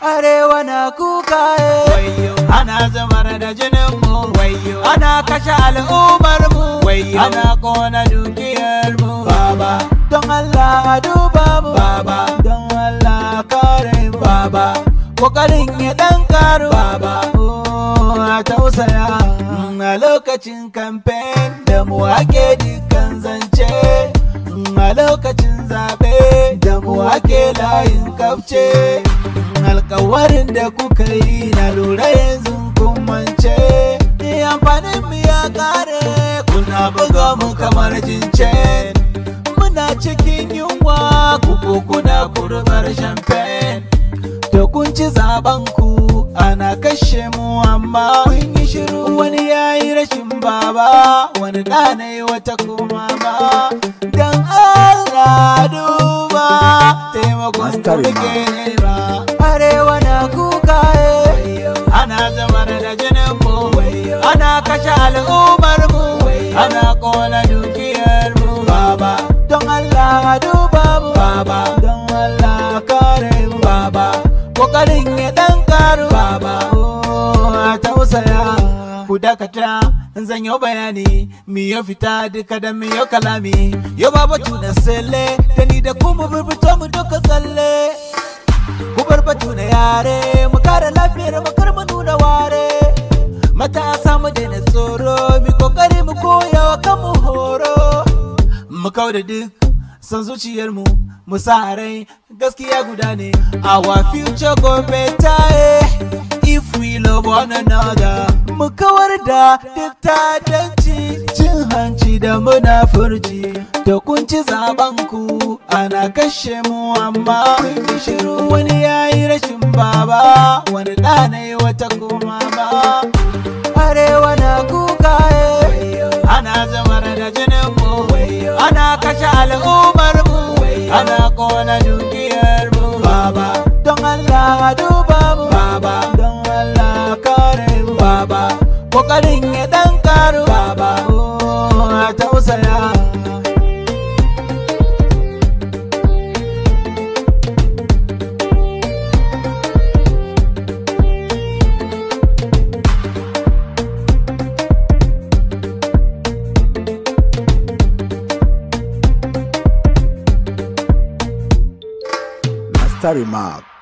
arewa na kuka eh. wayo ana da jinin mu wayo ana kashe al'ummar mu ana kona dukiyar mu baba don Allah duba baba don Allah mu baba kokarin ya ɗan karu baba oh, a tausaya lokacin kamfen da mu ake dukkan zance a lokacin zaɓe da mu ake layin kafce alkawarin da kuka yi na lura yanzu kun mance eh, amfanin mu ya kare kuna buga mu kamar jince muna cikin yunwa kuku kuna kurbar champagne to kun ci zabanku. ku ana kashe mu amma mun yi shiru wani ya yi rashin baba wani da na yi wata kuma ba dan Allah duba taimakon da muke nema arewa na kuka eh. ana zama da jinin mu eh. ana kashe al'ummar mu eh. ana kona dukiyar ku dakata zan yi bayani mi ya fita duka da mi ya kalami yau ba tuna sele da ni da ku mu mu duka tsalle ku barba tuna yare mu kare lafiyar mu kar mu nuna ware matasa mu daina tsoro mi kokari mu koya wa mu horo mu kau da duk san zuciyar mu mu sa rai gaskiya guda ne our future go better eh, if we love one another mu kawar da diktatanci cin hanci da furji da kunci zaben ku ana kashe mu amma kun tausaya Master Remark